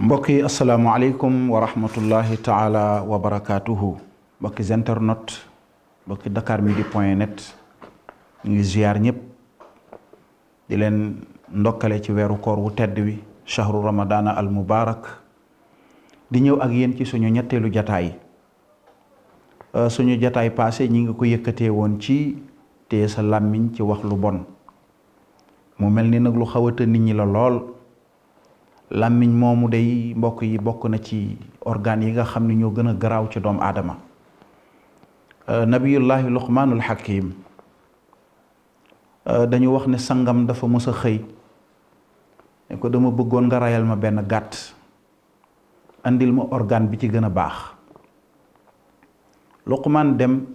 mbokk yi asalaamaaleykum wa rahmatullahi taala wa barakaatuhu mbokki internet mbokki dakar midi point net ñu ngi ziar ñëpp di leen ndokkale ci weeru koor wu tedd wi shahru ramadana al mubarak di ñëw ak yéen ci suñu ñetteelu jataay euh, suñu jataay passé ñi ngi ko yëkkatee woon ci te sa làmmiñ ci wax lu bon mu mel ni nag lu xawata nit ñi la lool làmmiñ moomu day mbokk yi bokk na ci organes yi nga xam ne ñoo gën a garaaw ci doomu aadama euh, nabiyullahi luqmaanul hakim euh, dañu wax ne sangam dafa mës a xëy ne ko dama bëggoon nga rayal ma benn gàtt andil ma organe bi ci gën a baax luqmaan dem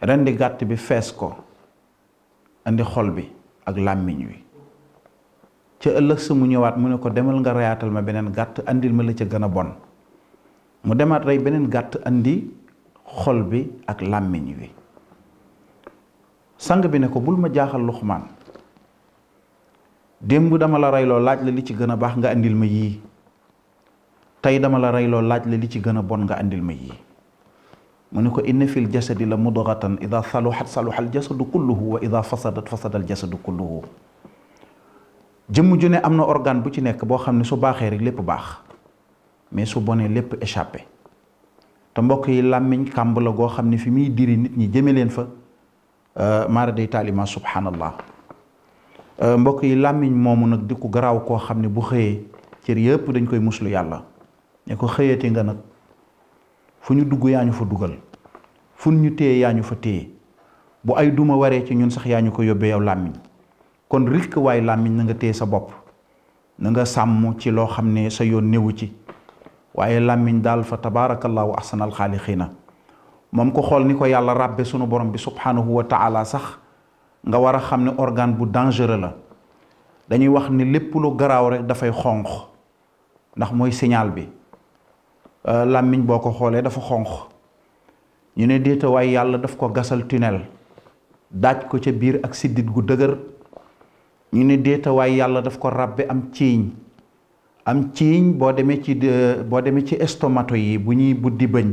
rendi gàtt bi fees ko indi xol bi ak làmmiñ wi ca ëllëg sa mu ñëwaat mu ne ko demal nga reyaatal ma beneen gàtt indil ma la ca gën a bon mu demaat rey beneen gàtt indi xol bi ak làmmiñ wi sang bi ne ko bul ma jaaxal luxmaan démb dama la reyloo laaj la li ci gën a baax nga indil ma yii tey dama la reyloo laaj la li ci gën a bon nga indil ma yii mu ne ko inna fil jasadi la mudghatan ida saluhat saluha al jasadu kulluhu wa ida fasadat fasada al jasadu kulluhu jëmm ju ne am na organe bu ci nekk boo xam ne su baaxee rek lépp baax mais su bonee lépp échappé te mbokk yi làmmiñ kàmb la goo xam ne fi muy diri nit ñi jëme leen fa euh, maara day taalima subhanallah euh, mbokk yi làmmiñ moomu nag di ko garaaw koo xam ne bu xëyee cër yëpp dañ koy muslu yàlla ñu ko xëyati nga nag fu ñu dugg yaa ñu fa dugal fu ñu téye yaa ñu fa téye bu ay duma waree ci ñun sax yaa ñu ko yóbbee yow làmmiñ kon rikk waay làmmiñ na nga téye sa bopp na nga sàmm ci loo xam ne sa yoon néewu ci waaye làmmiñ daal fa tabaarakallaahu ahsanal na moom ko xool ni ko yàlla ràbbe sunu borom bi subhaanahu wa taala sax nga war a xam ne organe bu dangereux la dañuy wax ni lépp lu garaaw rek dafay xonq ndax mooy signal bi euh, làmmiñ boo ko xoolee dafa xonq ñu ne déeta waaye yàlla daf ko gasal tunnel daaj ko ca biir ak siddit gu dëgër ñu ne déetawaay yàlla daf ko ràbbe am ciiñ am ciiñ boo demee ci boo demee ci estomato yi bu ñuy buddi bëñ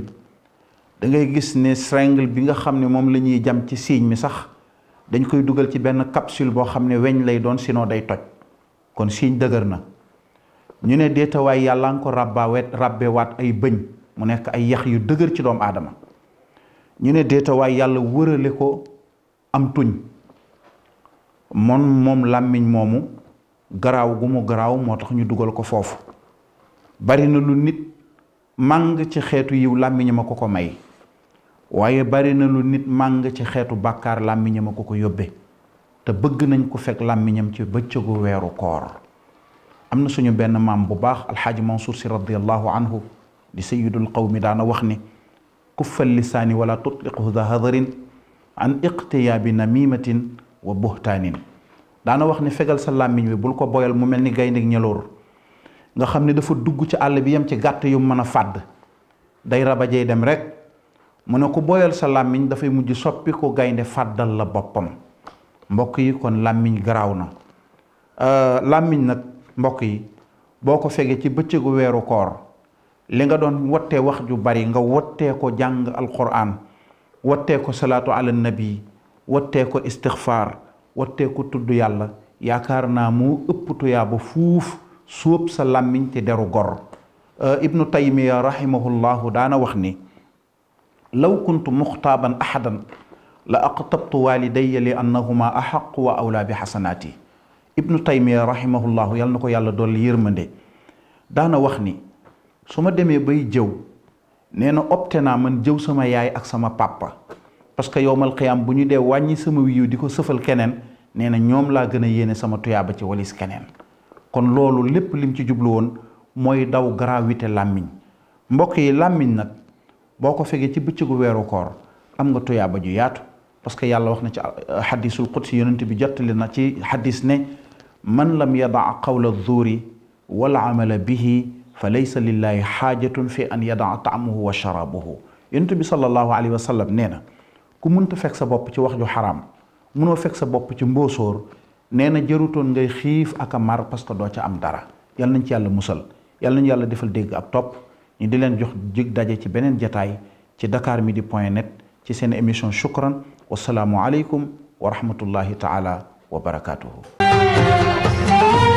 da ngay gis ne seringue bi nga xam ne moom la ñuy jam ci siiñ mi sax dañ koy dugal ci benn capsule boo xam ne weñ lay doon sinon day toj kon siiñ dëgër na ñu ne déetawaay yàlla nga ko ràbbawet ràbbewaat ay bëñ mu nekk ay yax yu dëgër ci doomu aadama ñu ne déetawaay yàlla wërale ko am tuñ moom moom làmmiñ moomu garaaw gu mu garaaw moo tax ñu dugal ko foofu bari na lu nit màng ci xeetu yiw làmmiñam a ko ko may waaye bari na lu nit màng ci xeetu bàkkaar làmmiñam a ko ko yóbbe te bëgg nañ ko fekk làmmiñam ci bëccëgu weeru koor am na suñu benn maam bu baax alxaaji mansour si radiallahu anhu di sayidul qawmi daana wax ni kuffal lisaani wala tutliqhu dahadarin an iqtiyaabi namimatin wa buxtaanin daana wax ne fegal sa làmmiñ wi bul ko boyal mu mel ni gaynde ñeloor nga xam ne dafa dugg ci àll bi yam ci gàtt yu mën a fàdd day rabajey dem rek mu ne ku boyal sa làmmiñ dafay mujj soppi ko gaynde fàddal la boppam mbokk yi kon làmmiñ garaaw na euh, làmmiñ nag mbokk yi boo ko fegee ci bëccëgu weeru koor li nga doon wottee wax ju bari nga wottee ko jàng alquran wottee ko salaatu ala nabi wattee ko istixfaar wattee ko tudd yàlla yaakaar naa moo ëpp tuyaaba fuuf sóob sa làmmiñ te deru gor euh, ibnu taymiya rahimahullahu daana wax ni law kuntu muxtaaban ahadan la aqtabtu walidayya li annahuma ahaqu wa awlaa bi xasanaati ibnu taymiya rahimahullahu yal na ko yàlla dolli yërmande daana wax ni su ma demee bay jëw nee na opte naa man jëw sama yaay ak sama pàppa parce que yowmal qiyaam bu ñu dee wàññi sama wiyu di ko sëfal keneen nee na ñoom laa gën a yéene sama tuyaaba ci walis keneen kon loolu lépp lim ci jublu woon mooy daw gravité làmmiñ mbokk yi làmmiñ nag boo ko fegee ci bëccëgu weeru koor am nga tuyaaba ju yaatu parce que yàlla wax na ci a uh, xadisul qudsi yonent bi jottali na ci xadis ne man lam yadaa qawla zuuri wal amala bihi fa laysa lillahi xaajatun fi an yadaa taamuhu wa sharaabuhu yonent bi sallallahu alayhi wa nee na ku mënta fekk sa bopp ci wax ju xaraam mënoo fekk sa bopp ci mbóosóor nee na jërutoon ngay xiif ak a mar parce que doo ca am dara yal nañ ci yàlla musal yal nañu yàlla defal dégg ab topp ñu di leen jox jig daje ci beneen jataay ci dakar midi point net ci seen émission shukran wasalaamu aleykum wa rahmatullahi taala wa barakaatuhu